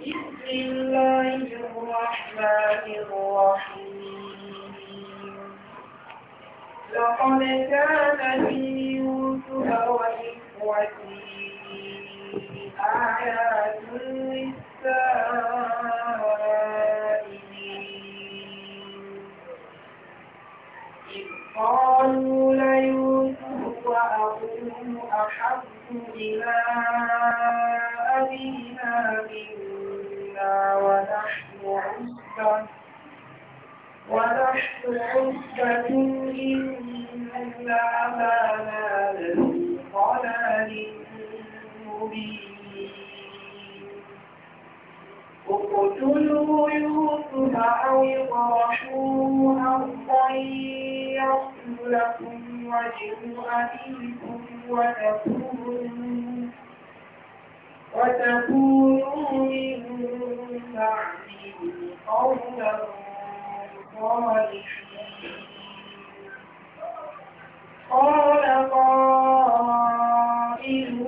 بسم الله الرحمن الرحيم لقد كان في يوسف وإخوته آيات للسائلين إذ قالوا ليوسف وأخوه أحب إلى ونحن عزبة ونحن عزبة إنا لنا ضلال مبين اقتلوا يوسف أو اطرحوه أرضا يصل لكم وجه أبيكم وتكونوا وتكونوا من بعده قوما صالحين قال قائل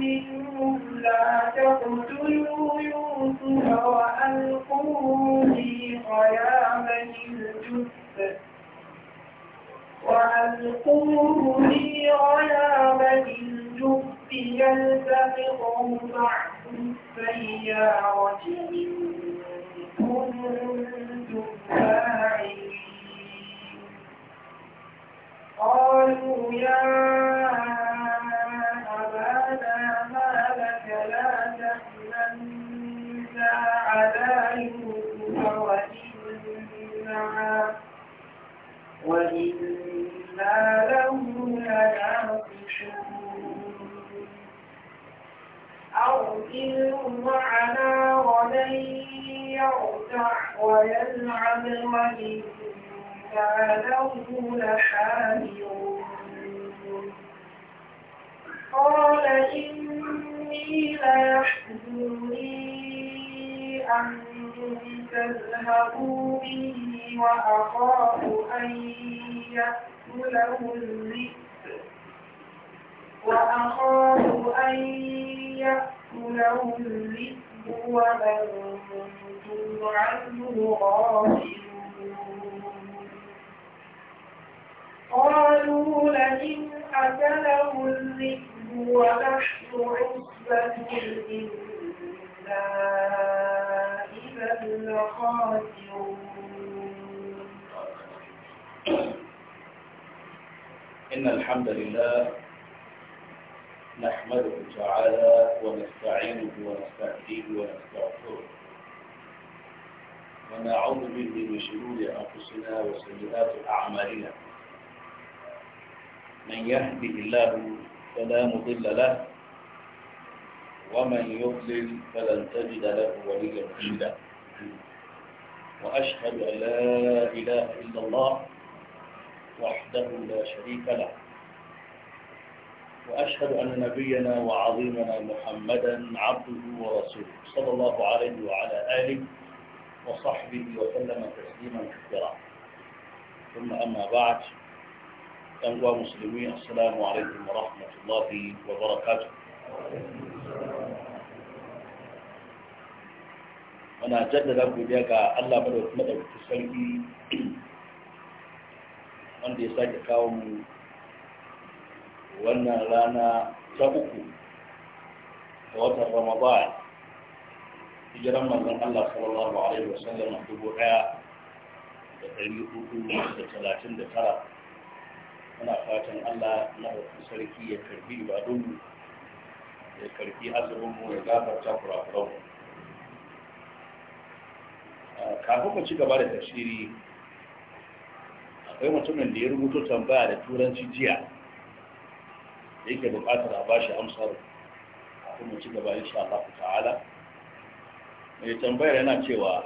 منهم لا تقتلوا يوسف وألقوه في غيابة الجثة وألقوه في غيابة الجثة 夕阳下的红砖路，哎呀，我情。ونعوذ به من شرور أنفسنا وسيئات أعمالنا من يهده الله فلا مضل له ومن يضلل فلن تجد له وليا مرشدا وأشهد أن لا إله إلا الله وحده لا شريك له وأشهد أن نبينا وعظيمنا محمدا عبده ورسوله صلى الله عليه وعلى آله وصحبه وسلم تسليما كثيرا ثم أما بعد أنواع مسلمين السلام عليكم ورحمة الله وبركاته أنا جد لك بيك الله بلوك مدعو تسلقي عندي ساجة كاوم وأنا لانا تبكو وقت رمضان hijiran manzon Allah sallallahu alaihi wasallam dubu ɗaya da ɗari hudu da talatin da tara muna fatan Allah na wakil sarki ya karbi ibadunmu ya karbi azuminmu ya gafarta kurakuranmu kafin mu ci gaba da tafsiri akwai mutumin da ya rubuto tambaya da turanci jiya da yake buƙatar a bashi amsar kafin mu ci gaba insha Allah ta'ala mai tambayar yana cewa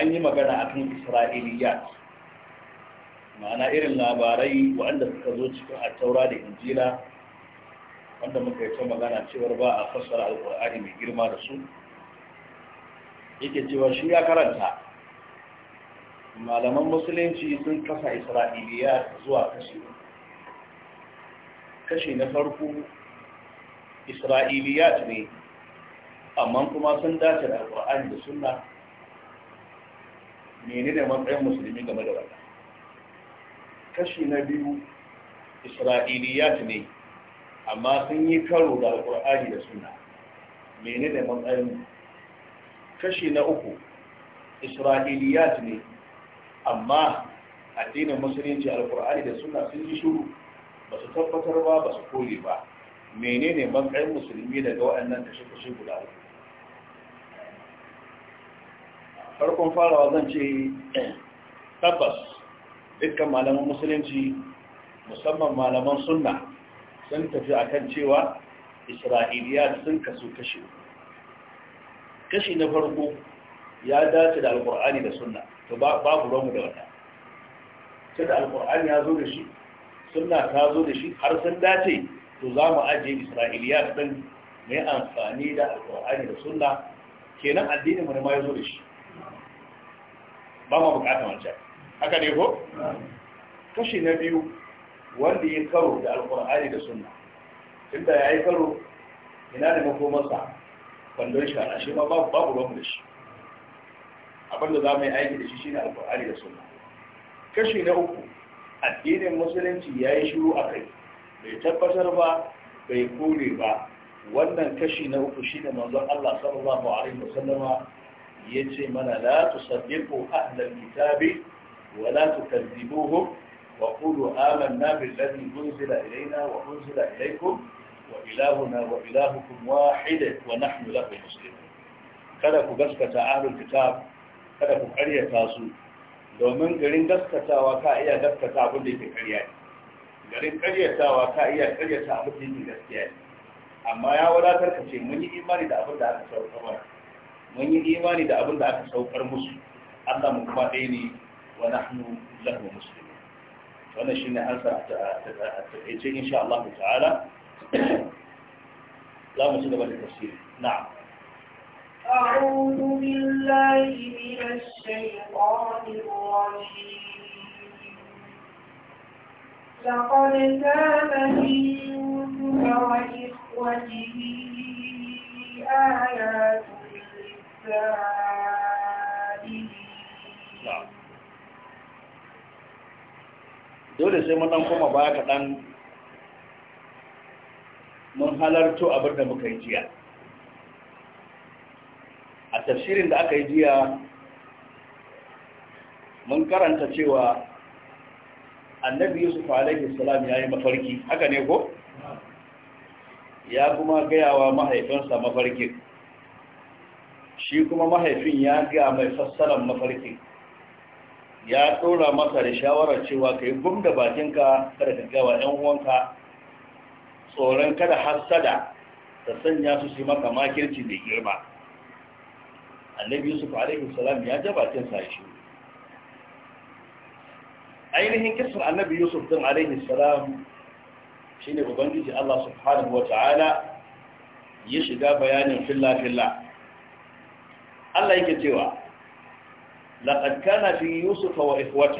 an yi magana a kan isra'iliyat ma'ana irin labarai waɗanda suka zo cikin attaura da injila wanda muka yi ta magana cewar ba a fassara alƙur'ani mai girma da su yake cewa shi ya karanta malaman musulunci sun kasa isra'iliya zuwa kashi kashi na farko Isra'iliya ne amma kuma sun dace da alƙur'ani da sunna ne ne matsayin musulmi game da wannan kashi na biyu isra'iliyat ne amma sun yi karo da alƙur'ani da sunna ne ne matsayin kashi na uku isra'iliyat ne amma addinin musulunci alƙur'ani da sunna sun yi shuru ba su tabbatar ba ba su kore ba menene matsayin musulmi daga waɗannan kashe-kashe guda uku farkon farawa zan ce tabbas dukkan malaman musulunci musamman malaman sunna sun tafi akan cewa isra'iliya sun kasu kashi kashi na farko ya dace da alkur'ani da sunna to babu ruwanmu da wata. sai da alkur'ani ya zo da shi sunna ta zo da shi har sun dace to za mu ajiye isra'iliya ɗin mai amfani da alkur'ani da sunna kenan addinin mu ne ma ya zo da shi ba ma bukatan wancan haka ne ko kashi na biyu wanda ya karo da alkur'ani da sunna inda ya yi karo ina da makomarsa kwandon shara shi ma babu ruwan da shi abinda za mu yi aiki da shi shi ne alkur'ani da sunna kashi na uku addinin musulunci ya yi shiru a kai bai tabbatar ba bai kore ba wannan kashi na uku shine manzon Allah sallallahu alaihi wasallama yace mana la tusaddiqu ahlal kitabi wa la tukadzibuhum wa qulu amanna billadhi unzila ilayna wa unzila ilaykum wa ilahuna wa ilahukum wahid wa nahnu lahu muslimun kada ku gaskata ahlul kitab kada ku karyata su domin garin gaskatawa ka iya gaskata abin da yake karya ne garin karyatawa ka iya karyata abin da yake gaskiya ne amma ya wadatar ka ce mun yi imani da abin da aka sauka mana من يماني ده أبدا أكسو كرمس الله مقاديني ونحن له مسلمين وأنا شين هذا ت ت ت إن شاء الله تعالى لا مسلم بالتفسير نعم أعوذ بالله من الشيطان الرجيم لقد كان في يوسف آيات dole sai mun koma baya kaɗan mun halarto abin da muka yi jiya a tafsirin da aka yi jiya mun karanta cewa annabi yusuf alaihi salam ya yi mafarki haka ne ko ya kuma gayawa mahaifinsa mafarkin shi kuma mahaifin ya ga mai fassarar mafarkin ya tura masa da shawarar cewa ka yi gum da bakinka kada ka gawa ‘yan uwanka tsoron kada hassada ta sanya su shi maka makirci mai girma annabi yusuf alaihi salam ya ja bakin sa shi ainihin kisar annabi yusuf din alaihi salam ne ubangiji Allah subhanahu wa ta'ala ya shiga bayanin filla filla Allah yake cewa laqad kana fi yusuf wa ikhwati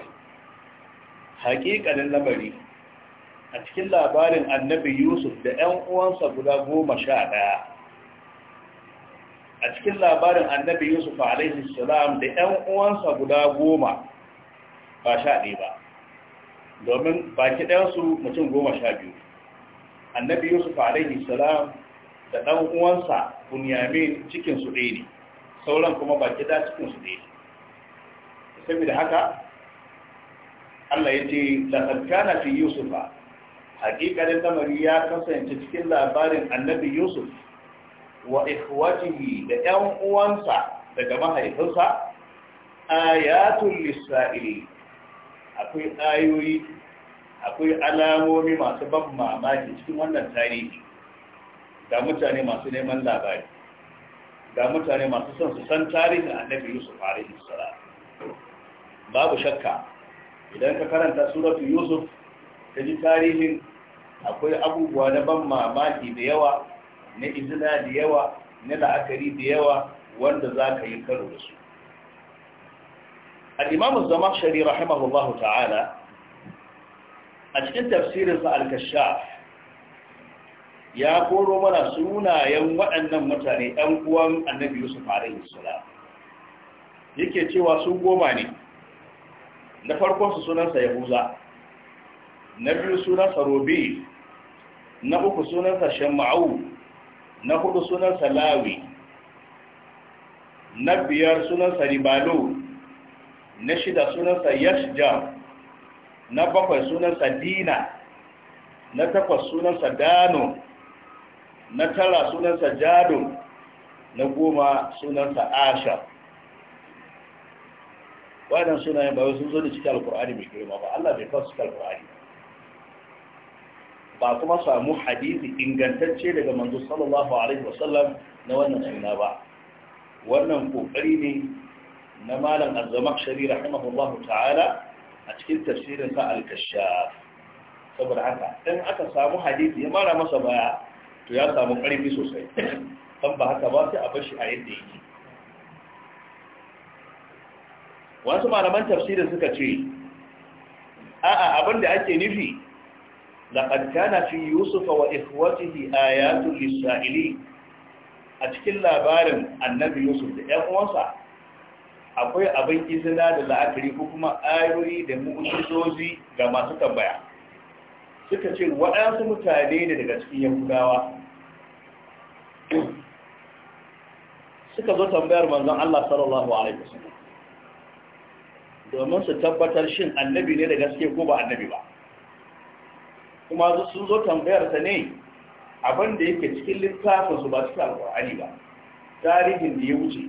haqiqatan labari a cikin labarin annabi yusuf da ɗan uwansa guda goma sha ɗaya a cikin labarin annabi yusuf alaihi salam da ɗan uwansa guda goma ba sha ɗaya ba domin baki ɗayansu mutum goma sha biyu annabi yusuf alaihi salam da ɗan uwansa bunyamin cikinsu ɗaya ne sauran kuma ba ki da cikin su ne saboda haka Allah ya ce laqad kana fi yusufa hakikalin lamari ya kasance cikin labarin annabi yusuf wa ikhwatihi da 'yan uwansa daga mahaifinsa ayatul lisa'ili akwai ayoyi akwai alamomi masu ban mamaki cikin wannan tarihi da mutane masu neman labari ga mutane masu son su san tarihin annabi yusuf alaihi salam babu shakka idan ka karanta suratu yusuf ka ji tarihin akwai abubuwa na ban mamaki da yawa na izina da yawa na la'akari da yawa wanda za ka yi karo da su al'imamun zama shari rahimahullahu ta'ala a cikin tafsirinsa al-kashaf ya koro mana sunayen waɗannan mutane ɗan uwan annabi yusuf alaihi salam yake cewa su goma ne na farkon su sunansa yahuza na biyu sunansa robe na uku sunansa shamma'u na hudu sunansa lawi na biyar sunansa ribalo na shida sunansa yashjam na bakwai sunansa dina na takwas sunansa dano na tara sunansa jadun na goma sunansa asha waɗannan sunayen ba sun zo da cikin alkur'ani mai girma ba Allah bai kawo cikin alkur'ani ba kuma samu hadisi ingantacce daga manzo sallallahu alaihi wasallam na wannan suna ba wannan kokari ne na malam az-zamakhshari rahimahullahu ta'ala a cikin tafsirin sa al-kashaf saboda haka in aka samu hadisi ya mara masa baya to ya samu ƙarfi sosai don ba haka ba sai a bashi a yadda yake wasu malaman tafsirin suka ce a'a abin da ake nufi laqad kana fi yusuf wa ikhwatihi ayatun lis Isra'ili. a cikin labarin annabi yusuf da ƴan uwansa akwai abin izina da la'akari ko kuma ayoyi da mu'ujizozi ga masu tambaya suka ce waɗansu mutane ne daga cikin yahudawa suka zo tambayar manzon Allah sallallahu alaihi wasallam domin su tabbatar shin annabi ne da gaske ko ba annabi ba kuma sun zo tambayar ta ne abin da yake cikin littafin su ba cikin alƙur'ani ba tarihin da ya wuce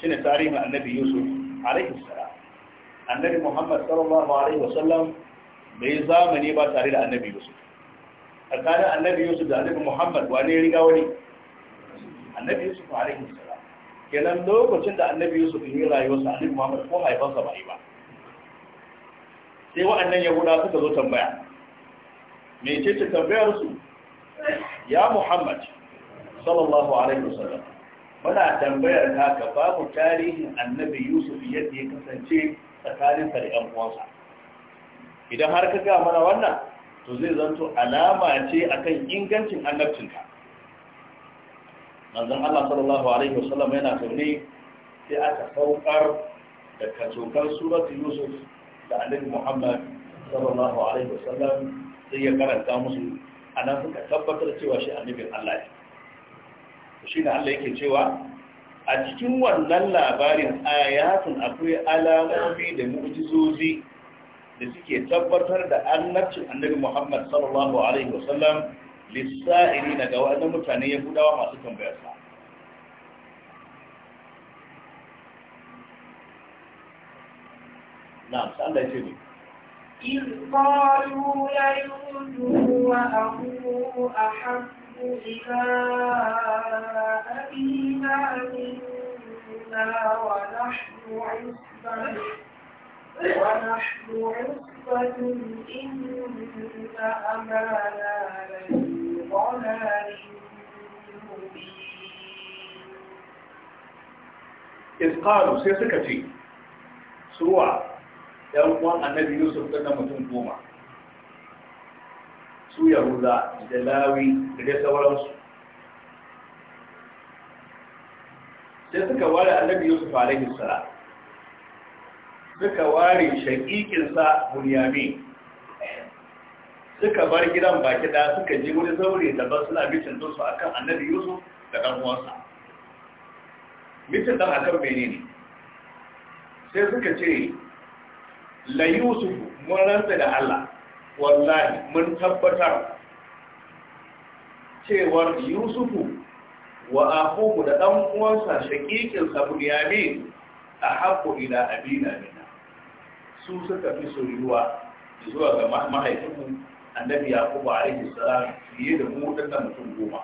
shine tarihin annabi Yusuf alaihi salam annabi Muhammad sallallahu alaihi wasallam bai zamani ba tare da annabi Yusuf tsakanin annabi Yusuf da annabi Muhammad wane ya riga wani annabi yusuf alaihi salam kenan lokacin da annabi yusuf yi rayuwarsa annabi muhammad ko haifarsa ba yi ba sai wa'annan yahuda suka zo tambaya me ce ce tambayar su ya muhammad sallallahu alaihi wasallam muna tambayar ka ka ba mu tarihin annabi yusuf yadda ya kasance tsakanin sa da yan uwansa idan har ka ga mana wannan to zai zanto alama ce akan ingancin annabcinka manzon Allah sallallahu alaihi wasallam yana zaune sai aka saukar da kacokan suratul yusuf da annabi Muhammad sallallahu alaihi wasallam sai ya karanta musu anan suka tabbatar cewa shi annabin Allah ne shi ne Allah yake cewa a cikin wannan labarin ayatun akwai alamomi da mu'jizozi da suke tabbatar da annabcin annabi Muhammad sallallahu alaihi wasallam lissa'iri daga waɗannan mutane ya gudawa masu tambayarsa na sa'an da ya ce ne إذ قالوا ليوسف وأخوه أحب إلى أبينا منا ونحن عصبة ونحن عصبة إن أبانا لفي Iskaru ضلال إذ قالوا سيسكتي سوى annabi Yusuf يوسف لنا mutum goma. su yahuda da lawi da dai sauransu sai suka ware annabi yusuf alaihi sara suka ware shaƙiƙinsa bunyamin suka bar gidan baki da suka je wani zaure da ba su labicin don su akan annabi yusuf da ɗan uwansa mitin ɗan akan mene ne sai suka ce la yusuf mun ranta da allah wallahi mun tabbatar cewar yusufu wa akuhu da ɗan uwansa shakikin sabuniyamin a haƙo ila abina mina su suka fi yuwa zuwa ga mahaifinmu annabi yakubu alaihi salam fiye da mu dinnan mutum goma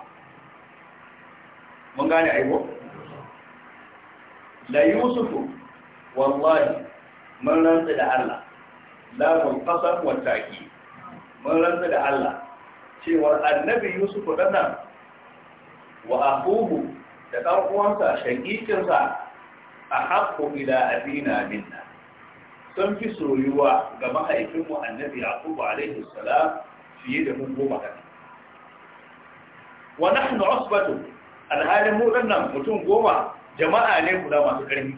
mun gane aiwo la yusufu wallahi mun rantsa da Allah la mun qasam wa taqi mun rantsa da Allah cewa annabi yusufu nan wa akuhu da dan uwansa shaqiqinsa ahaqqu ila abina minna sun fi soyuwa ga mahaifinmu annabi yaqub alaihi salam fiye da mun goma kan wa nahnu usbatu alhalin mu nan mutum goma jama'a ne da masu karfi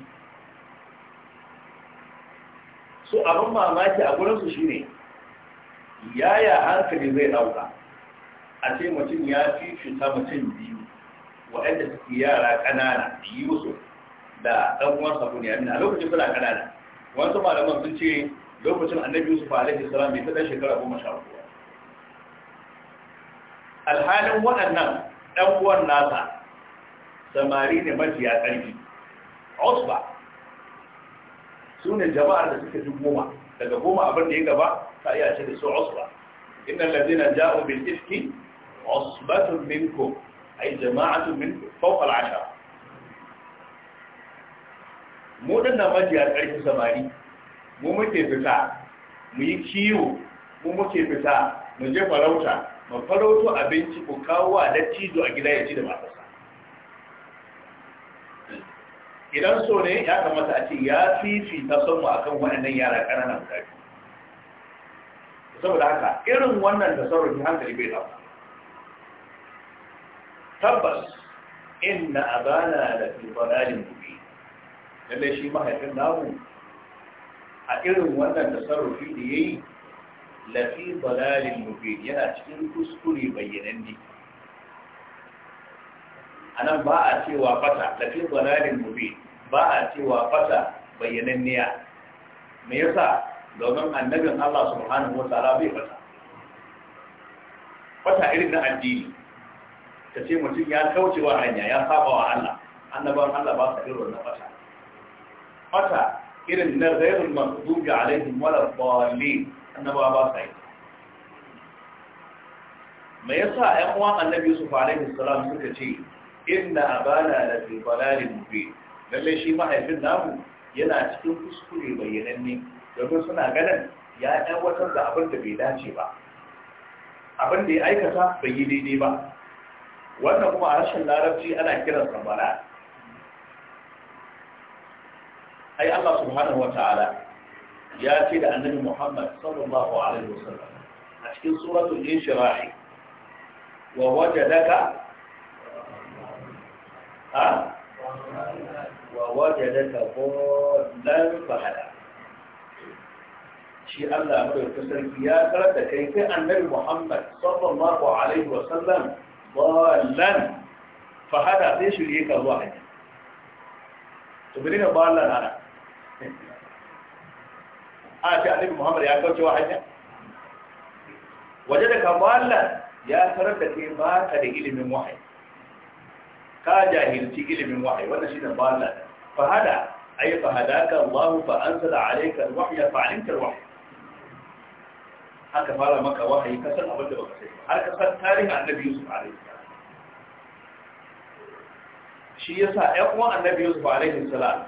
so abin mamaki a gurin su shine yaya hankali zai dauka a ce mutum ya fi fita mutum biyu waɗanda suke yara ƙanana su da ɗan uwansa bunyamin a lokacin suna ƙanana wasu malaman sun ce lokacin annabi yusuf alaihi salam bai ta shekara goma sha uku alhalin waɗannan ɗan uwan nasa samari ne mafiya ƙarfi osba su ne jama'ar da suka fi goma daga goma abin da ya gaba ta iya ce da su osba inna lazina ja'u bil iski osbatun minkum ay jama'atun minkum fawqa al-ashara mu dinnan majiya ƙarfi samari mu muke fita mu yi kiwo mu muke fita mu je farauta mu farauto abinci ku kawo wa dattijo a gida ya ci da matasa. idan so ne ya kamata a ce ya fifi ta son mu akan waɗannan yara ƙananan guda saboda haka irin wannan tasarrufi hankali bai dauka tabbas inna abana da fi dalalin lallai shi mahaifin namu a irin wannan tasarrufi da ya yi lafi balalin mubin yana cikin kuskure bayyananne a nan ba a cewa fata lafi balalin mubin ba a cewa fata bayyananniya me yasa domin annabin Allah subhanahu wa ta'ala bai fata fata irin na addini ta ce mutum ya kauce wa hanya ya saba wa Allah annaban Allah ba su irin na fata mata irin na zairun masu alaihim wadda bali annaba ba sa yi me yasa 'yan uwan annabi su salam suka ce inna abana da fi dalalin mubin lalle shi mahaifin namu yana cikin kuskure bayyananne domin suna ganin ya watan da abin da bai dace ba abin da ya aikata bai yi daidai ba wannan kuma a rashin larabci ana kiransa bala أي الله سبحانه وتعالى ياتي لأنني محمد صلى الله عليه وسلم أشكي صورة الإنشراحي ووجدك ها ووجدك ضلا فهلا شيء الله أمر الكسر يا فرد كيف أن محمد صلى الله عليه وسلم ضالا فهذا ليش ليك الواحد تبين ضالا أنا a ce annabi muhammad ya kauce wa hanya waje da kamala ya tarar da kai ba ka da ilimin wahayi ka jahilci ilimin wahayi wannan shine balla fahada ay fahadaka Allah fa anzala alayka alwahya fa alimta alwahya haka fara maka wahayi ka san abin da baka sani har ka san tarihin annabi Yusuf alaihi salam shi yasa ƴan uwan annabi Yusuf alaihi salam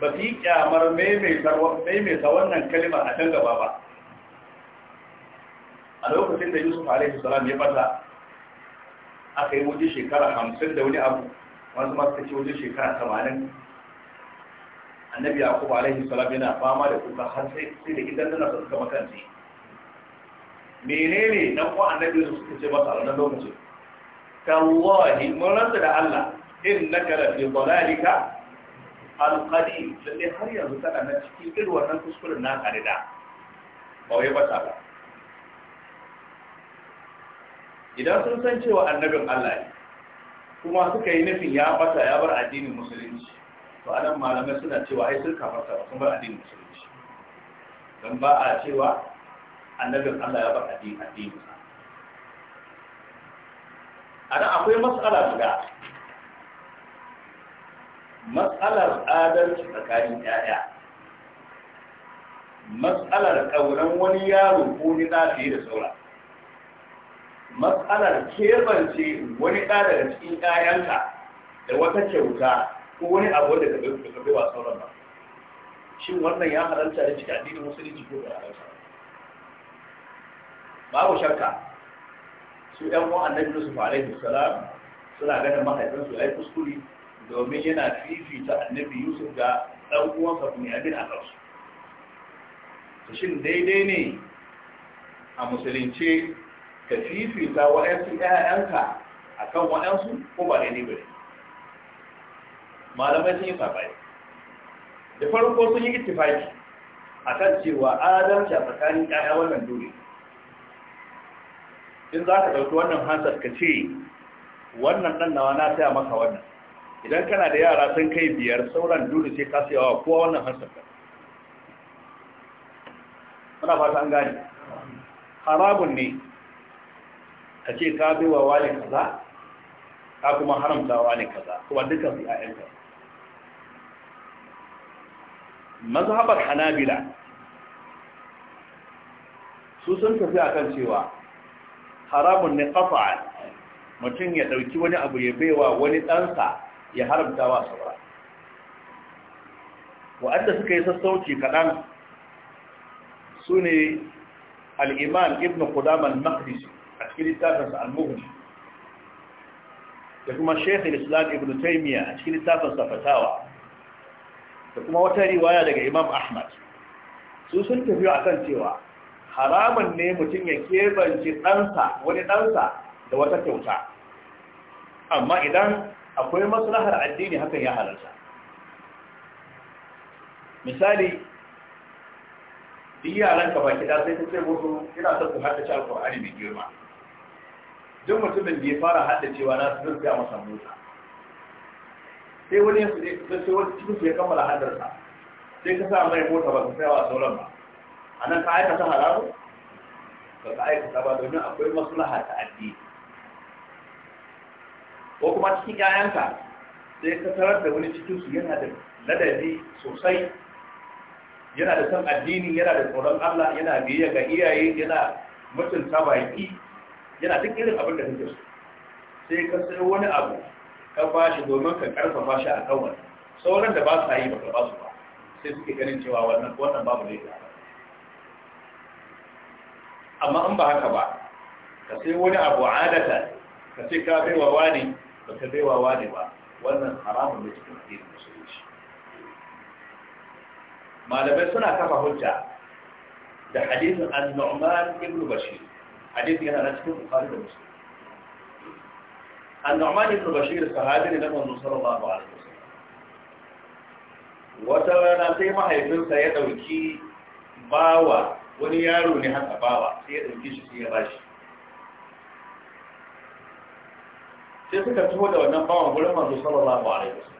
ba fi kyamar maimaita wannan kalima a can gaba ba a lokacin da yusuf alaihi salam ya bata aka yi wajen shekara hamsin da wani abu wanzu masu kace wajen shekara tamanin annabi yakubu alaihi salam yana fama da kuka har sai da idan nuna suka makanci menene dan kuwa annabi su suka ce masa a lokacin? lokacin tallahi mun rantsa da Allah innaka la fi dalalika alƙadi lalle har yanzu tana na cikin irin wannan kuskuren na ƙarida ba wai bata ba idan sun san cewa annabin Allah ne kuma suka yi nufin ya bata ya bar addinin musulunci to anan malamai suna cewa ai sun kafarta ba sun bar addinin musulunci don ba a cewa annabin Allah ya bar addinin addinin anan akwai matsala guda matsalar adalci tsakanin yaya matsalar ƙauran wani yaro ko ni ɗa fiye da saura matsalar kebance wani ɗa daga cikin ƴaƴanka da wata kyauta ko wani abu da ka bai wa sauran ba shin wannan ya halarta da cikin addinin musulunci ko bai halarta babu shakka su ƴan wa annabi Yusuf alaihi salam suna ganin mahaifinsu ya kuskure domin yana fifita annabi yusuf ga ɗan uwansa bunyamin a ƙarsu ta shin daidai ne a musulunci ka fifita waɗansu ƴaƴanka kan waɗansu ko ba daidai ba ne malamai sun yi saɓani da farko sun yi ittifaki a kan cewa adalci a tsakanin ƴaƴa wannan dole in za ka ɗauki wannan hansar ka ce wannan ɗan nawa na taya maka wannan idan kana da yara sun kai biyar sauran dole sai ka yawa kowa wannan ka muna fata an gani haramun ne ka ce ka bi wa wani kaza ka kuma haramta wa wani kaza kuma dukkan su ya'yanka mazhabar hanabila su sun tafi a kan cewa haramun ne kafa mutum ya ɗauki wani abu ya baiwa wani ɗansa ya haramta wa saura wa'anda suka yi sassauci kaɗan su ne al'iman ibn kudaman makris a cikin littafinsa al-mughni da kuma shekhin islam ibn taimiyya a cikin littafinsa fatawa da kuma wata riwaya daga imam ahmad su sun tafi a kan cewa haramun ne mutum ya kebanci ɗansa wani ɗansa da wata kyauta amma idan akwai maslahar addini hakan ya halarta misali duk yaran ka baki da sai ta ce musu ina son ku haddace alqur'ani mai girma duk mutumin da ya fara haddacewa na su zurfi a masa mota sai wani ya sai wani cikin su ya kammala haddarsa sai ka sa mai mota ba ka sayawa a sauran ba a nan ka aikata haramu ba ka aikata ba domin akwai maslaha ta addini ko kuma cikin 'ya'yanka sai ka tarar da wani cikin su yana da ladabi sosai yana da san addini yana da tsoron Allah yana biyayya ga iyaye yana mutunta baki yana duk irin abin da kake so sai ka sai wani abu ka ba shi domin ka karfafa shi a kawai sauran da ba sa yi baka ba su ba sai suke ganin cewa wannan wannan babu ne amma in ba haka ba ka sai wani abu adata ka ce ka bai wa wani ba ka baiwa wane ba wannan haramun da cikin addinin musulunci malamai suna kafa hujja da hadisin an-nu'man ibn bashir hadisin yana nan cikin bukhari da muslim an-nu'man ibn bashir sahabi ne na manzon sallallahu alaihi wasallam wata rana sai mahaifinsa ya dauki bawa wani yaro ne haka bawa sai ya dauki shi sai ya bashi sai suka taho da wannan bawan gurin manzo sallallahu alaihi wasallam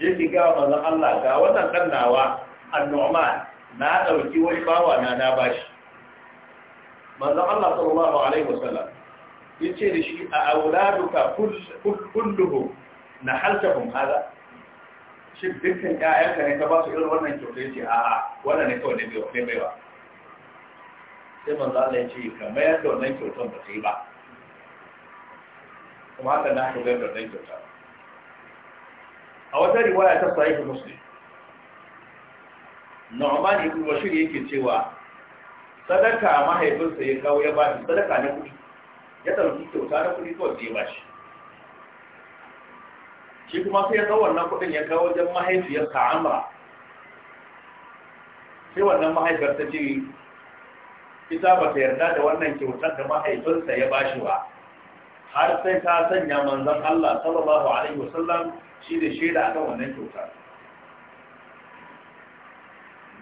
yake ga manzon Allah ga wannan dannawa annu'man na dauki wani bawa na na bashi manzon Allah sallallahu alaihi wasallam yace da shi a auladuka kulluhum nahaltahum hada shi dukkan ƴaƴanka ne ka ba su irin wannan kyautai ce? a'a wannan ne kawai ne bai baiwa sai manzo Allah yace kamar yadda wannan kyautan ba ta yi ba kuma haka na aka bayar da wannan kyauta a wata riwaya ta sahihu muslim Nu'man ibn Bashir yake cewa sadaka mahaifinsa ya kawo ya ba shi sadaka na kuɗi ya ɗauki kyauta na kuɗi kawai sai ya ba shi shi kuma sai ya kawo wannan kuɗin ya kawo wajen mahaifiyarsa Amra sai wannan mahaifiyar ta ce ita ba ta yarda da wannan kyautar da mahaifinsa ya ba shi ba har sai ka sanya manzon Allah sallallahu alaihi wasallam shi ne shaida akan wannan kyauta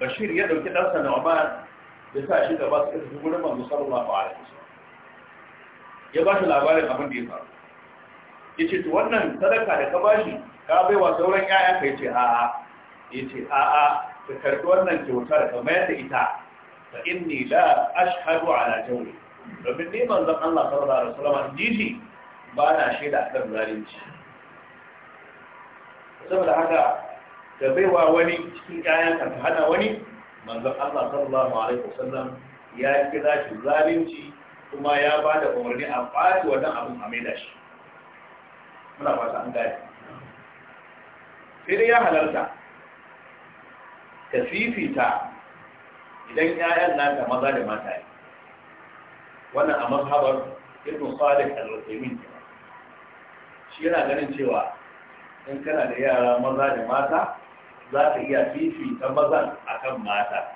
Bashir ya dauki ɗansa na Umar ya sa shi gaba suka tafi gurin manzo sallallahu alaihi wasallam ya ba shi labarin abin da ya faru yace to wannan sadaka da ka bashi ka bai wa sauran ƴaƴan ka yace a'a yace a'a ka karɓi wannan kyautar ka mayar da ita fa inni la ashhadu ala jawri domin ni manzan Allah sallallahu alaihi wasallam ji shi ba na shaida kan zalunci saboda haka da baiwa wani cikin ƴaƴan ka hana wani manzan Allah sallallahu alaihi wasallam ya kira shi zalunci kuma ya ba da umarni a ɓaci wannan abin a maida shi muna fata an gane sai ya halarta ka fifita idan 'ya'yan naka maza da mata ne wannan a mazhabar ibn salih al-usaymin shi yana ganin cewa in kana da yara maza da mata za ka iya fifita mazan akan mata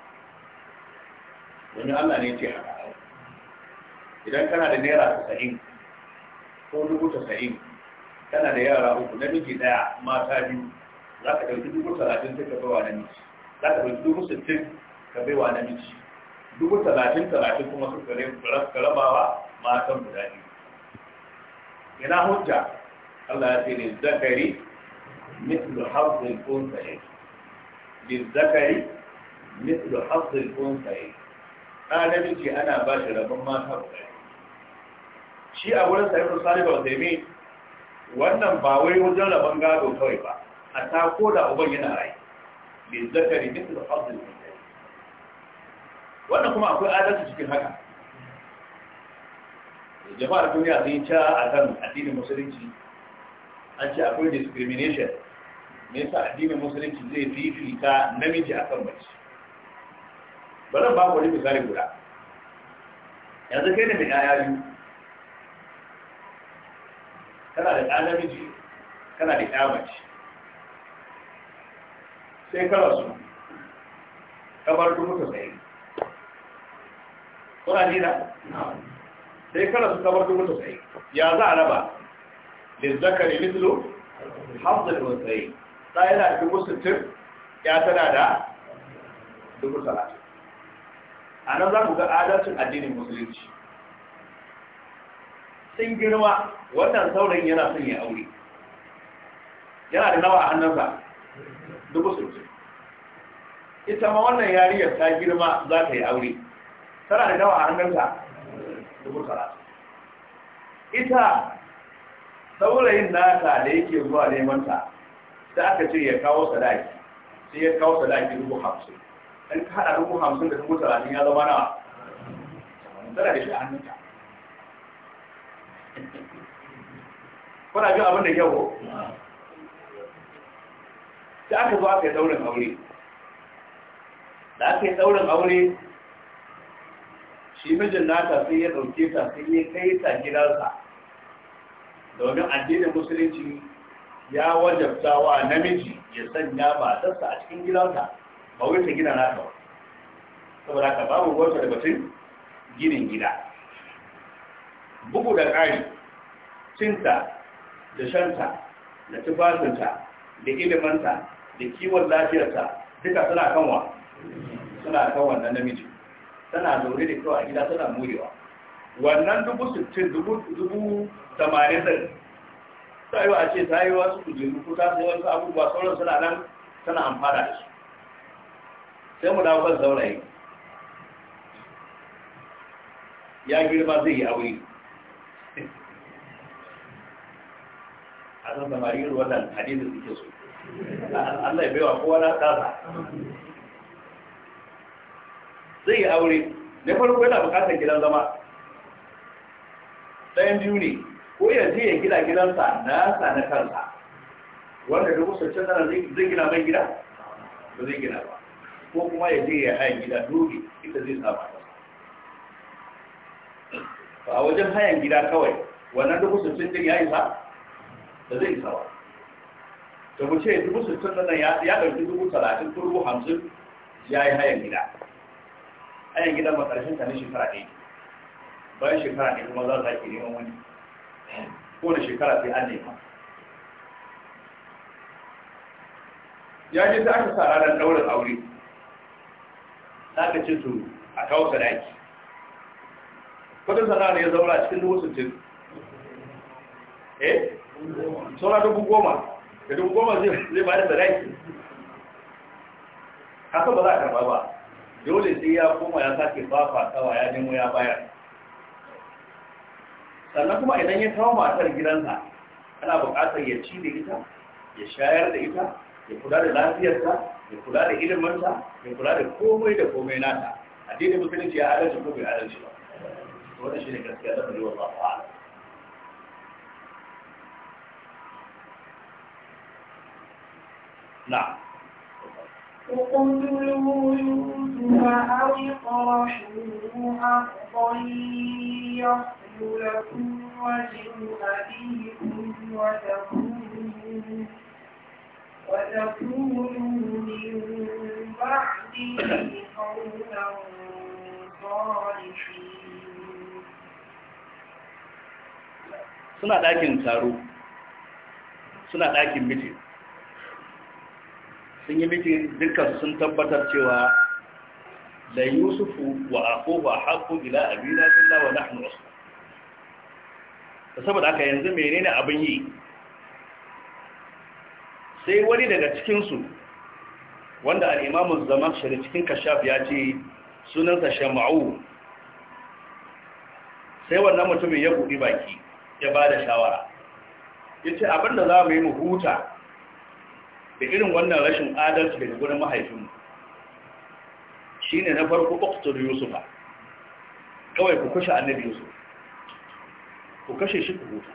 Wani Allah ne ce haka idan kana da naira 90 ko dubu 90 kana da yara uku namiji daya mata biyu za ka ɗauki dubu talatin sai ka bai wa namiji za ka ɗauki dubu sittin ka bai wa namiji dubu talatin talatin kuma suka rabawa matan guda biyu ina hujja Allah ya ce ne zakari mislu hafzil unsayi lil zakari mislu hafzil unsayi ɗan namiji ana ba shi rabon mata guda shi a wurin sa ibnu salih al-zaimi wannan ba wai wajen rabon gado kawai ba a ta ko da uban yana rai lil zakari mislu hafzil unsayi wannan kuma akwai adalci cikin haka jama'ar duniya sun yi ca a kan addinin musulunci an ce akwai discrimination me yasa addinin musulunci zai fifita namiji a kan mace zan ba ku wani misali guda yanzu kai ne mai ya biyu kana da ɗan namiji kana da ɗan mace sai ka Kamar ka bar dubu ta tsaye kuna ji da sai kana su kamar dubu tausayi ya za a raba lizzakari mislu hafzar tausayi ta yana da duk sittin ya tana da duk talatin a nan za ku ga adalcin addinin musulunci sun girma wannan saurayin yana son ya aure yana da nawa a hannunsa Duk sittin ita ma wannan yariyar ta girma za ta yi aure tana da dawa a hannunka dubu burkara ita saurayin nata da yake zuwa neman ta da aka ce ya kawo sadaki sai ya kawo sadaki dubu hamsin in ka haɗa dubu hamsin da dubu talatin ya zama nawa tana da shi a hannunka kuna biyu abin da kyau da aka zo aka yi daurin aure da aka yi daurin aure shi mijin nata sai ya ɗauke ta sai ya kai ta gidansa domin addinin musulunci ya wajabta wa namiji ya sanya matarsa a cikin gidansa ba wai ta gina nata ba saboda ka babu wata da batun ginin gida bugu da ƙari cinta da shanta da tufafinta da ilimanta da kiwon lafiyarta duka suna kanwa suna kanwa na namiji tana zaune da kawai a gida tana murewa wannan dubu sittin dubu tamanin da ta yi a ce ta yi wasu kujeru ko ta sai wasu abubuwa sauran suna nan tana amfana da su sai mu dawo kan zauraye ya girma zai yi aure a san samari ruwan nan hadisin suke so Allah ya baiwa kowa na tsara. zai yi aure na farko yana bukatar gidan zama ɗayan biyu ne ko je ya gina gidansa sa na kansa wanda duk wasancin nan zai gina mai gida ba zai gina ba ko kuma ya je ya hayan gida dogi ita zai ba ba a wajen hayan gida kawai wannan duk wasu din ya yi sa ba zai sa ba ta mu ce duk wasancin nan ya ɗauki dubu talatin dubu hamsin ya yi hayan gida ayin gidan matsarshen ta ne shekara ɗaya bayan shekara ne kuma za su ake neman wani ko da shekara sai an nema ya ce sai aka sa ranar ɗaurin aure na ka ce su a kawo sadaki kudin sana'a ne ya zaura cikin dubu sittin eh sauran dubu goma da dubu goma zai ba da sadaki haka ba za a karba ba dole sai ya koma ya sake fafatawa ya nemo ya bayar sannan kuma idan ya kawo matar gidansa ana buƙatar ya ci da ita ya shayar da ita ya kula da lafiyarta ya kula da ilimanta, ya kula da komai da komai nata addinin musulunci ya adalci ko bai adalci ba wannan shine gaskiya da bai wa na وقلوا يوسف أو اطرحوه أرضا يصل لكم وجه أبيكم وتكونوا وتكونوا من بعده قولا صالحين suna ɗakin taro suna ɗakin mijin sun yi mitin dukkan sun tabbatar cewa da yusufu wa akuhu haqqu ila abina illa wa nahnu usba saboda haka yanzu menene abin yi sai wani daga cikin wanda al zaman shari cikin kashaf ya ce sunansa shama'u sai wannan mutumin ya buɗi baki ya ba da shawara ya ce abinda za mu yi mu huta da irin wannan rashin adalci daga gurin mahaifinmu shi ne na farko uktul yusufa kawai ku kashe annabi yusuf ku kashe shi ku huta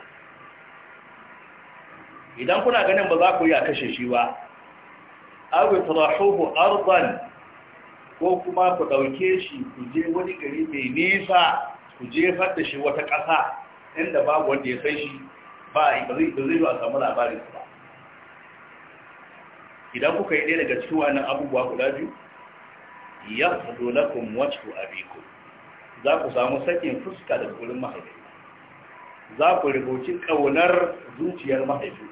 idan kuna ganin ba za ku yi a kashe shi ba awi tarahuhu ardan ko kuma ku ɗauke shi ku je wani gari mai nisa ku jefar da shi wata ƙasa inda babu wanda ya san shi ba yi ba zai yi a samu labarin ba idan kuka yi ɗaya daga cikin wannan abubuwa guda biyu ya fado lakum wajhu abikum za ku samu sakin fuska da wurin mahaifi za ku rubuci ƙaunar zuciyar mahaifi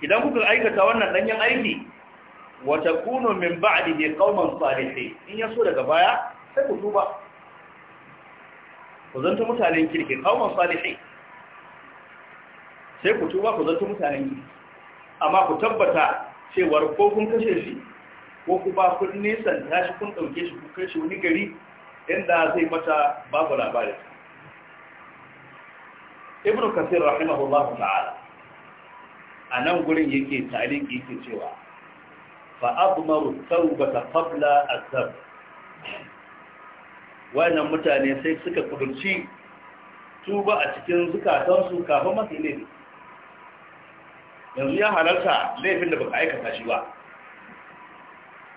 idan kuka aikata wannan ɗanyen aiki wata kuno min ba'adi ne kauman salihin in yaso daga baya sai ku duba ku zanta mutanen kirki kauman salihin sai ku tuba ku zanto mutanen yi amma ku tabbata cewar ko kun kashe shi ko ku ba kun nisan tashi kun ɗauke shi kun kai shi wani gari inda zai mata babu labarin ibnu kasir rahimahullah ta'ala a nan gurin yake taliki yake cewa fa abmaru tawbata qabla azab wannan mutane sai suka kudurci tuba a cikin zukatansu kafin masu ilimi yanzu ya halarta laifin da baka aikata shi ba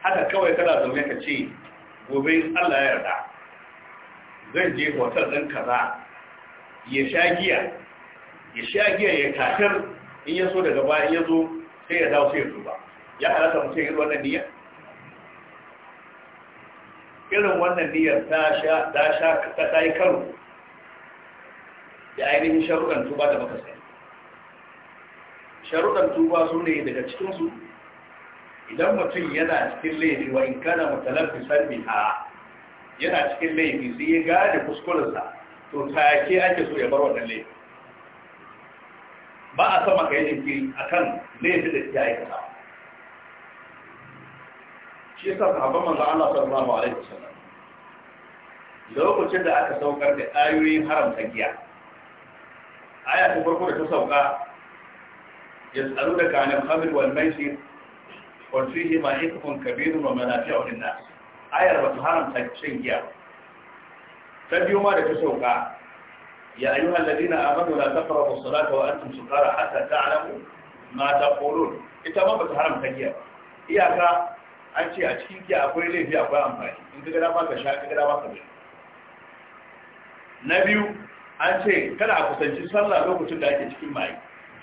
haka kawai kana zaune ka ce gobe Allah ya yarda zan je hotel din kaza ya sha giya ya sha giya ya kafir in ya so daga baya in ya zo sai ya dawo sai ya duba ya halarta mutum irin wannan niyyar irin wannan niyyar ta sha ta sha ta yi karo da ainihin sharuɗan tuba da maka sai sharuɗan tuba su ne daga cikinsu idan mutum yana cikin laifi wa in kana mutalaffisan ha yana cikin laifi sai ya gane kuskurensa to take ake so ya bar wannan laifi ba a sama ka yi jinkiri a kan laifin da ya aikata shi yasa sahabban manzo Allah sallallahu alaihi wasallam lokacin da aka saukar da ayoyin haramta giya aya ta farko da ta sauka يسألونك عن الخمر والميسر قل فيهما إثم كبير ومنافع للناس آية بتهرم تشيء تبيو ما لتسوقع يا أيها الذين آمنوا لا تقربوا الصلاة وأنتم سكارى حتى تعلموا ما تقولون ita ma ba ta giya ba iyaka an ce a cikin giya akwai laifi akwai amfani in ka gada maka sha ka gada maka bai na biyu an ce kada a kusanci sallah lokacin da ake cikin maye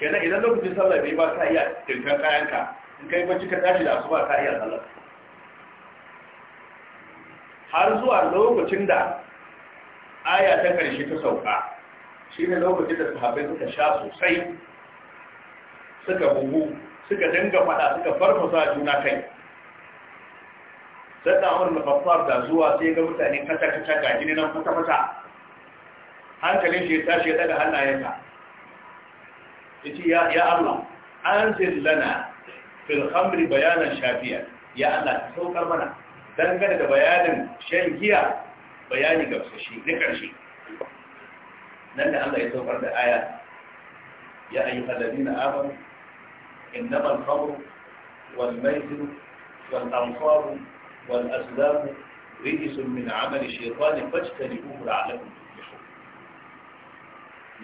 kenan idan lokacin sallah bai ba ka iya tinkan kayanka in kai bacci ka tashi da asuba ka iya sallah har zuwa lokacin da aya ta karshe ta sauka shi ne lokacin da sahabbai suka sha sosai suka bugu suka dinga fada suka sa juna kai sai da amur mafassar da zuwa sai ga mutane kata kata ga jini nan fata fata hankalin shi ya tashi ya daga hannayenka يا يا الله انزل لنا في الخمر بيانا شافيا يا الله سو كرمنا دنگنه ده بيان شان هي بيان غفشي نكرشي نن الله يتوفر ده آية. يا ايها الذين امنوا انما الخمر والميسر والانصار والازلام رئيس من عمل الشيطان فاجتنبوه لعلكم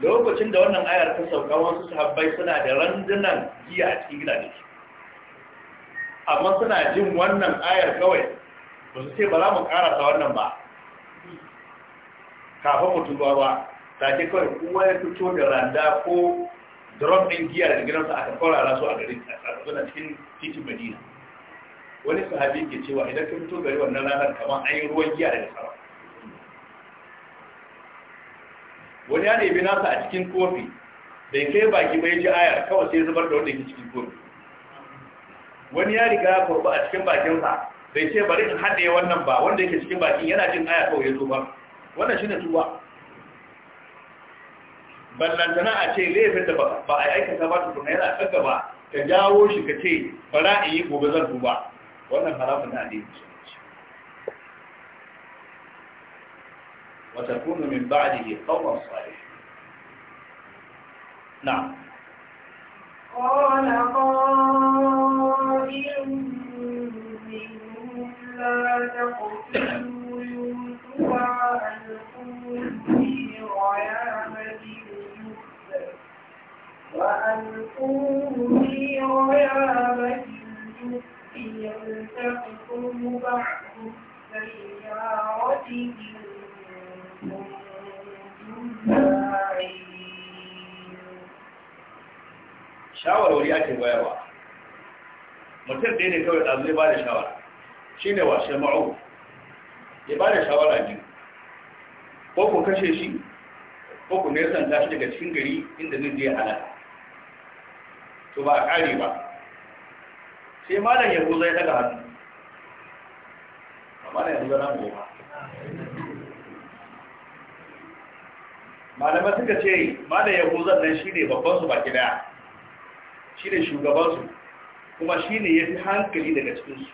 lokacin da wannan ayar ta sauka wasu sahabbai suna da randunan giya a cikin gidaje amma suna jin wannan ayar kawai ba su ce ba za mu karasa wannan ba kafin mutum ba ba take kawai kuma ya fito da randa ko drop ɗin giya da gidansa aka kwarara su a garin a cikin titin madina wani sahabi ke cewa idan ka fito gari wannan ranar kamar an yi ruwan giya daga sama wani ya nemi nasa a cikin kofi bai kai baki bai ji ayar kawai sai zubar da wanda yake cikin kofi wani ya riga ya kurba a cikin bakinsa bai ce bari in haɗe wannan ba wanda yake cikin bakin yana jin aya kawai ya zuba wannan shine tuba ballantana a ce laifin da ba a aikata ba tukuna yana ɗaga ba ka jawo shi ka ce bara in yi gobe zan tuba wannan harafin na adinci وتكون من بعده قوما صالحا نعم قال قائل لا تقتلوا يوسف وألقوه في غيابة الجب وألقوه في بعض السيارة إن shawarwari ake bayarwa mutum ɗaya ne kawai ɗazu ne ba da shawara shi ne washe ma'u ya ba da shawara ne ko ku kashe shi ko ku nesan tashi daga cikin gari inda zai hana? to ba a ƙari ba sai malam ya zai daga hannu amma da yanzu na mu malamai suka ce malam yahuzan nan shi ne babbansu baki daya shi ne shugabansu kuma shi ne ya fi hankali daga cikinsu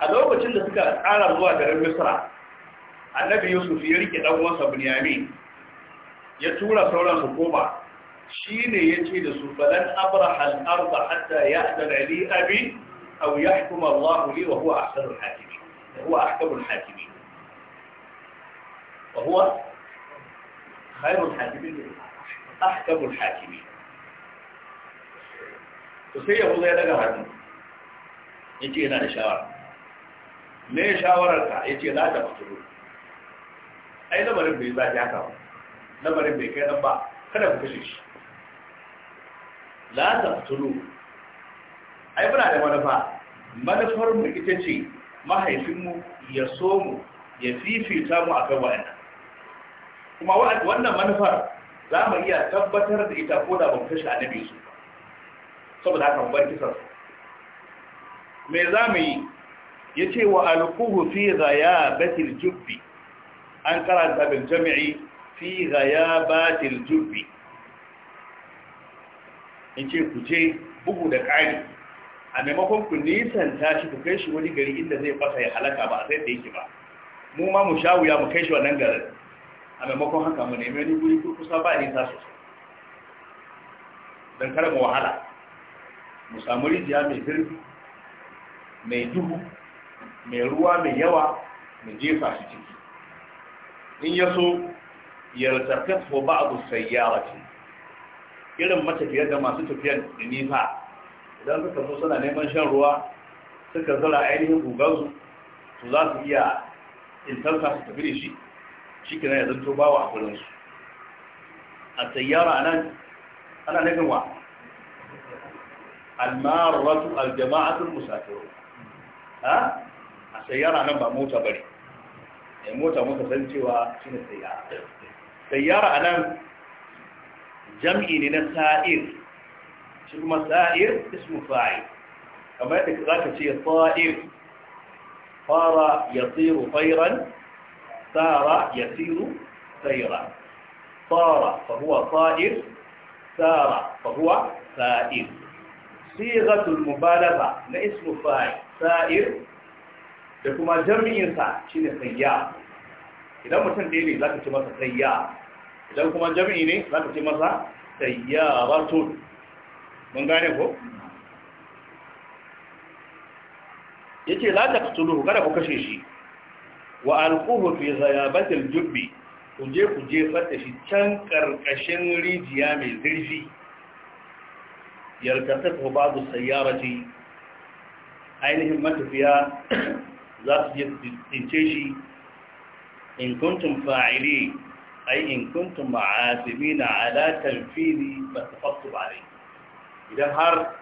a lokacin da suka tsara zuwa garin misra annabi yusuf ya rike ɗan'uwansa bunyami ya tura sauran su koma shi ne ya ce da su balan abrahal arba hatta ya dana li abi aw yahkum Allah li wa huwa ahkamul hakimi wa huwa ahkamul hakimi wa huwa khairul hakimin ahkamul hakimin to sai yahuda ya daga hannu yace yana da shawara me shawarar ka yace la ta fito ai lamarin bai zafi haka ba lamarin bai kai nan kada ku kashe shi la ta fito ai muna da manufa manufar mu ita ce mahaifinmu ya so mu ya fifita mu akan wa'annan kuma wannan manufar za mu iya tabbatar da ita ko da ban kashe annabi su saboda haka mu bar kisar me za mu yi ya ce wa alkuhu fi batil jubbi an karanta bil jami'i fi batil jubbi in ce ku je bugu da kari a maimakon ku nisanta shi ku kai shi wani gari inda zai fasa ya halaka ba a sai da yake ba mu ma mu shawuya mu kai shi wannan garin a maimakon haka mu nemi wani guri ko kusa ba nisa sosai don kada mu wahala mu samu rijiya mai zirgi mai duhu mai ruwa mai yawa mu jefa shi ciki in ya so ya yaltarkafu ba'du ce. irin matafiyar da masu tafiya da nisa idan suka so suna neman shan ruwa suka zura ainihin gugansu to za su iya intarka su tafi da shi shi kira ya zanto bawa a gurinsu a sayyara nan ana nufin wa almaratu aljama'atul musafiru ha a sayyara nan ba mota bari ne mota muka san cewa shi ne sayyara sayyara nan jam'i ne na sa'ir shi kuma sa'ir ismu fa'il kamar yadda za ka ce sa'ir fara ya tsiro fairan سار يسير سيرا صار فهو صائر سار فهو سائر صيغة المبالغة لاسم فاعل سائر لكما جمعين سا شين سيار إذا مثلا ديني ذاك مسا سيار اذا كما جمعيني ذاك تمسا سيارة من غاني ko yace لا تقتلوه kada كو kashe shi wa alquhu fi ghayabati jubbi, ku je ku je fata shi can karkashin rijiya mai zurfi yarkatahu babu sayyarati ainihin matafiya za su je tsince shi in kuntum fa'ili ay in kuntum ma'asimina ala tanfidi fatafattu alayhi idan har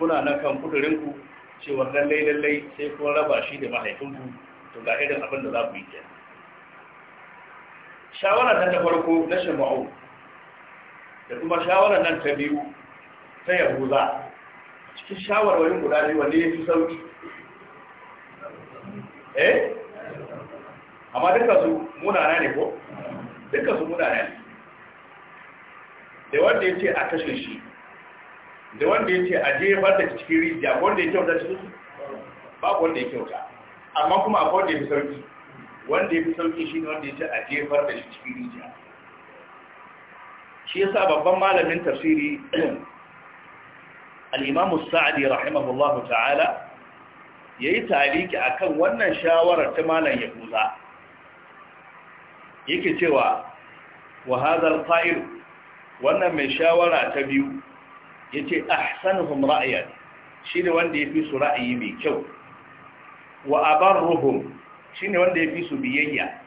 kuna nan kan kudurin ku cewa lallai lallai sai kun raba shi da mahaifinku to ga irin abin da za ku yi ke shawara nan ta farko na shima'u da kuma shawara nan ta biyu ta yahuza cikin shawarwarin guda biyu wanne ya fi sauki eh amma duka su na ne ko duka su na ne da wanda ya ce a kashe shi da wanda ya ce a jefar da cikin rijiya wanda ya kyauta cikin su ba wanda ya kyauta amma kuma akwai wanda ya fi sauki wanda ya fi sauki shi ne wanda ya ce a jefar da shi cikin rijiya shi yasa babban malamin tafsiri al-imamu sa'adi rahimahullahu ta'ala yayi tariki akan wannan shawarar ta malam yahuza yake cewa wa hadha al-qa'il wannan mai shawara ta biyu yace ahsanuhum ra'yan shi ne wanda yafi su ra'ayi mai kyau wa abarruhum shine wanda ya fi su biyayya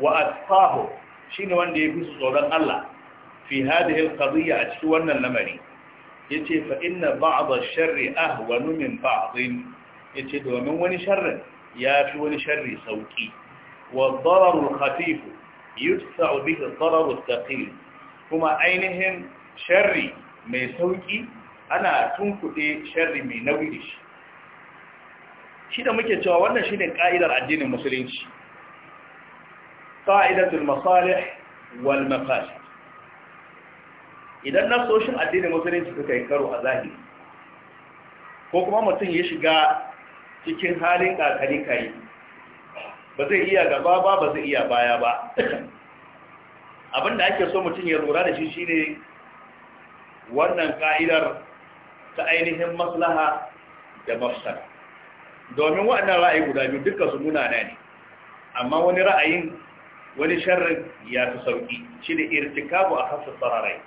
wa atqahu shine wanda ya fi su tsoron Allah fi hadhihi alqadiyya a cikin wannan lamari ce fa inna ba'd ash-sharri ahwanu min Ya ce domin wani sharrin ya fi wani sharri sauki wa ad-dararu yi khafif yudfa'u bihi ad kuma ainihin sharri mai sauki ana tunkuɗe sharri mai nauyi shi shi da muke cewa wannan shi ne ƙa'idar addinin musulunci ƙa'idatul masalih wal mafasid idan nasoshin addinin musulunci suka yi karo a zahiri ko kuma mutum ya shiga cikin halin ƙaƙari kayi ba zai iya gaba ba ba zai iya baya ba abinda ake so mutum ya lura da shi ne wannan ƙa'idar ta ainihin maslaha da mafsada domin waɗannan ra'ayi guda biyu duka su nuna ne amma wani ra'ayin wani sharrin ya fi sauki shi ne irtikabu a hasu sararai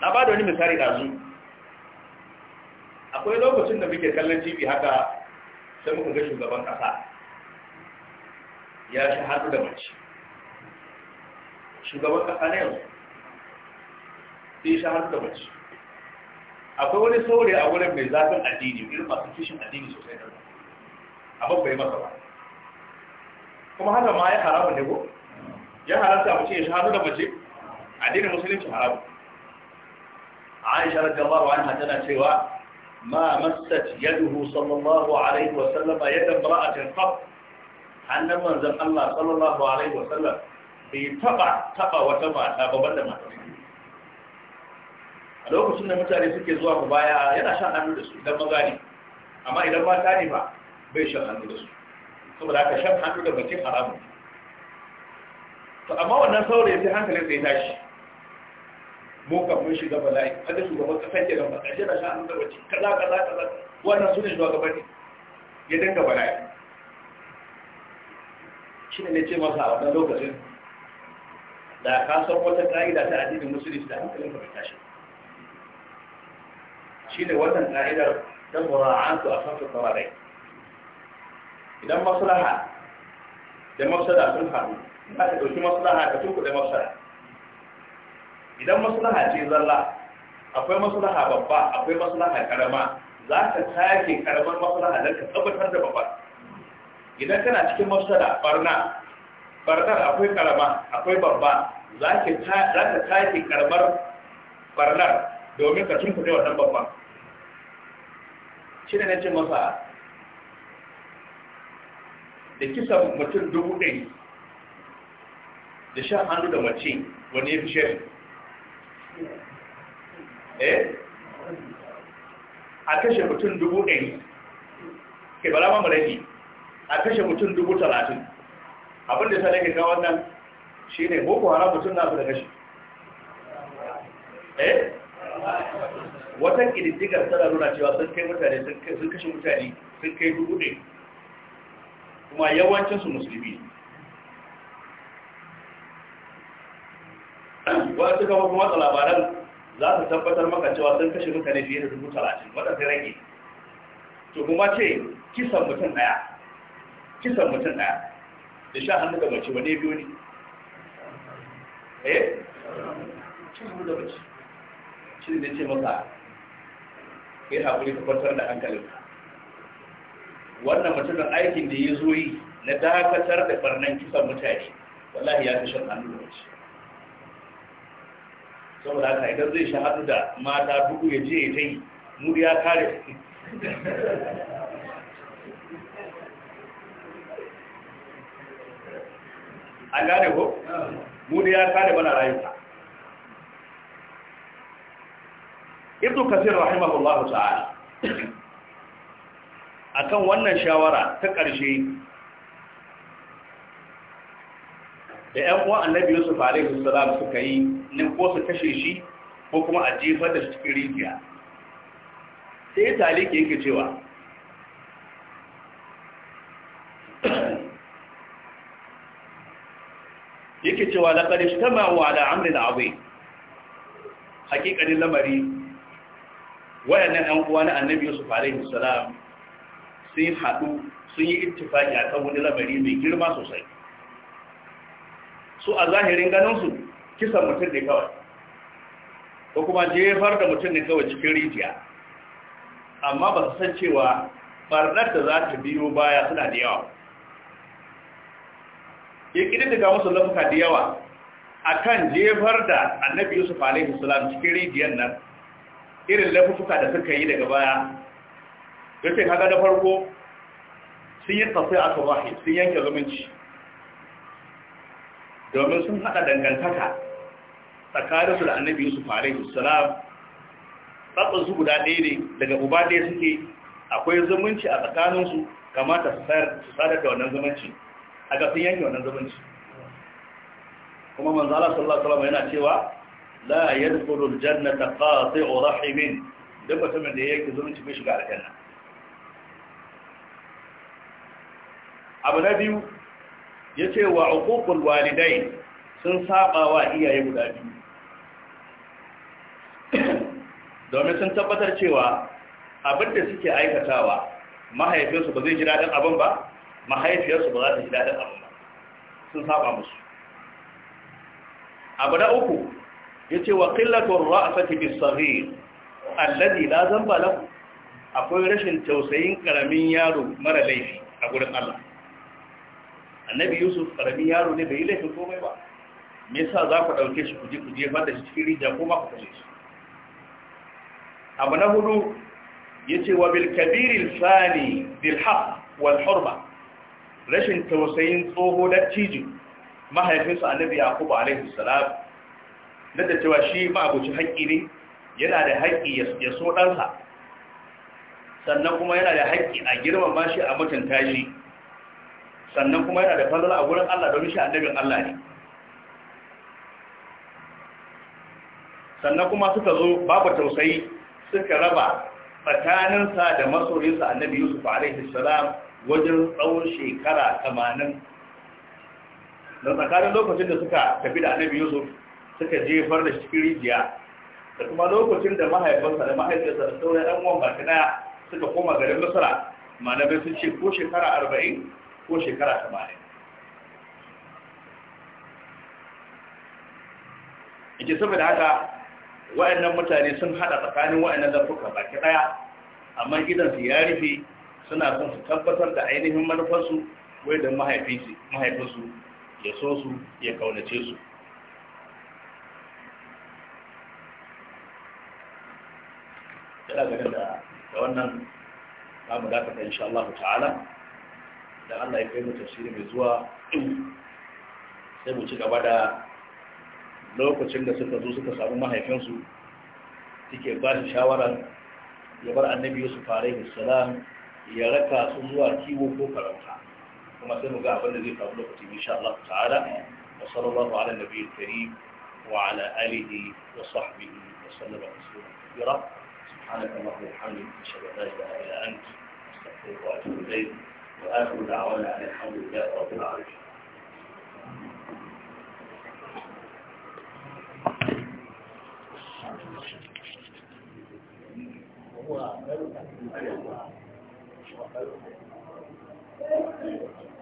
na ba da wani misali ɗazu akwai lokacin da muke kallon tv haka sai muka ga shugaban ƙasa ya shi haɗu da mace shugaban ƙasa ne yau sai shi haɗu da mace akwai wani saurayi a wurin mai zafin addini irin masu kishin addini sosai da a bai masa ba kuma haka ma ya haramun ne ko ya haramta mace ya shahadu da mace addinin musulunci haramun aisha mawa wani tana cewa ma massat yaduhu sallallahu alaihi wa sallam a ra'atin qat hannun manzan Allah sallallahu alaihi wa sallam bai taba taba wata mata ba da mata a lokacin da mutane suke zuwa ku baya yana shan hannu da su idan maza ne amma idan mata ne ba bai shan hannu da su saboda haka shan hannu da mace haramu to amma wannan saurayi sai hankalin sai tashi mu kan mun shiga bala'i kada shugaban kasar ke gaba kashe jira shan hannu da mace kaza kaza kaza wannan su ne ya dinga bala'i shi ne ce masa a wannan lokacin da ka san wata ka'ida ta addinin musulunci da hankalin ka bai tashi ne wannan ka'idar ta mura'atu a kan tsararai idan maslaha da mafsada sun haɗu za ka ɗauki maslaha ka kuɗe mafsada idan maslaha ce zalla akwai maslaha babba akwai maslaha karama za ka take karamar maslaha don ka tabbatar da babba idan kana cikin mafsada barna barnar akwai karama akwai babba za ka take karamar barnar domin ka kuɗe wannan babban shi ne na ce masa da kisan mutum dubu ɗari da sha hannu da mace wani ya fi shari eh a kashe mutum dubu ɗari ke bala ma marari a kashe mutum dubu talatin abinda sa nake kawo nan shi ne boko haram mutum na su da kashe eh watan ƙididdigar tana nuna cewa sun kai mutane sun kashe mutane sun kai dubu ne kuma yawancinsu musulmi wadda suka kuma watsa labaran za su tabbatar maka cewa sun kashe mutane fiye da dubu talatin wadda sai rage to kuma ce kisan mutum ɗaya kisan mutum ɗaya da sha hannu da mace wane biyu ne eh? cikin da mace shi ne ce maka kai haƙuri ka kwantar da hankalinka wannan mutumin aikin da ya zo yi na dakatar da barnan kisan mutane wallahi ya fi shan hannu da wace saboda haka idan zai sha hannu da mata dubu ya je ya ta yi muri ya kare an gane ko muri ya kare bana rayuka ibnu kasir rahimahullahu ta'ala akan wannan shawara ta ƙarshe da ‘yan uwan annabi Yusuf alaihi salam suka yi ne ko su kashe shi ko kuma a jefar da cikin rijiya sai talike yake cewa yake cewa da ƙarshe ta ma'uwa da amrin abu hakikanin lamari wayannan ɗan uwa na annabi yusuf alaihi salam sun haɗu sun yi ittifaki kan wani lamari mai girma sosai su a zahirin ganin su kisan mutum ne kawai ko kuma jefar da mutum ne kawai cikin rijiya amma ba su san cewa ɓarnar da za ta biyo baya suna da yawa ya ƙididdiga musu lafuka da yawa a kan jefar da annabi yusuf alaihi salam cikin rijiyar nan irin laifuka da suka yi daga baya yace kaga da farko sun yi tafiya a tawahi sun yanke zumunci domin sun haɗa dangantaka tsakaninsu da annabi yusuf alaihi salam tsatsun su guda ɗaya ne daga uba ɗaya suke akwai zumunci a tsakaninsu kamata su sadar da wannan zumunci a ga sun yanke wannan zumunci kuma manzala sallallahu alaihi wasallam yana cewa la yadkhulu aljannata qati'u rahimin duk mutumin da yake zumunci cikin shiga aljanna abu na biyu yace wa uququl walidain sun saba wa iyaye guda biyu domin sun tabbatar cewa abin da suke aikatawa mahaifinsu ba zai ji daɗin abin ba mahaifiyarsu ba za ta ji daɗin abin ba sun saba musu abu na uku Ya yace wa qillatu ra'sati bis-saghir alladhi la dhanba lahu akwai rashin tausayin ƙaramin yaro mara laifi a gurin Allah annabi Yusuf ƙaramin yaro ne bai yi laifin komai ba me sa za ku ɗauke shi kuje kuje jefar da shi cikin rijiya ko ma ku kashe shi abu na hudu ce wa bil kabiril fani bil haqq wal hurma rashin tausayin tsoho da ciji mahaifinsa annabi Yaqub alaihi salam na da cewa shi ma'abuci haƙƙi ne yana da haƙƙi ya so ɗansa sannan kuma yana da haƙƙi a girmama shi a mutunta shi sannan kuma yana da falala a wurin Allah domin shi annabin Allah ne sannan kuma suka zo babu tausayi suka raba tsakaninsa da masoyinsa annabi Yusuf alaihi wajen tsawon shekara 80 da tsakanin lokacin da suka tafi da annabi Yusuf suka jefar da cikin rijiya da kuma lokacin da mahaifinsa da mahaifinsa da sauran ɗan uwan baki daya suka koma garin misra malamai sun ce ko shekara arba'in ko shekara tamanin ike saboda haka wa'annan mutane sun haɗa tsakanin wa'annan zafuka baki ɗaya amma su ya rufe suna son su tabbatar da ainihin manufarsu wai da mahaifinsu ya so su ya kaunace su ina ganin da da wannan za mu dakata insha Allah ta'ala dan Allah ya kai mu tafsiri mai zuwa sai mu ci gaba da lokacin da suka zo suka samu mahaifinsu suke ba shi shawarar ya bar annabi fara alaihi salam ya raka su zuwa kiwo ko karanta kuma sai mu ga abin da zai faru lokacin insha Allah ta'ala wa sallallahu ala nabiyil karim wa ala alihi wa sahbihi wa سبحانك اللهم وبحمدك أشهد أن لا إله إلا أنت أستغفرك وأتوب إليك وآخر دعوانا أن الحمد لله رب العالمين Thank you.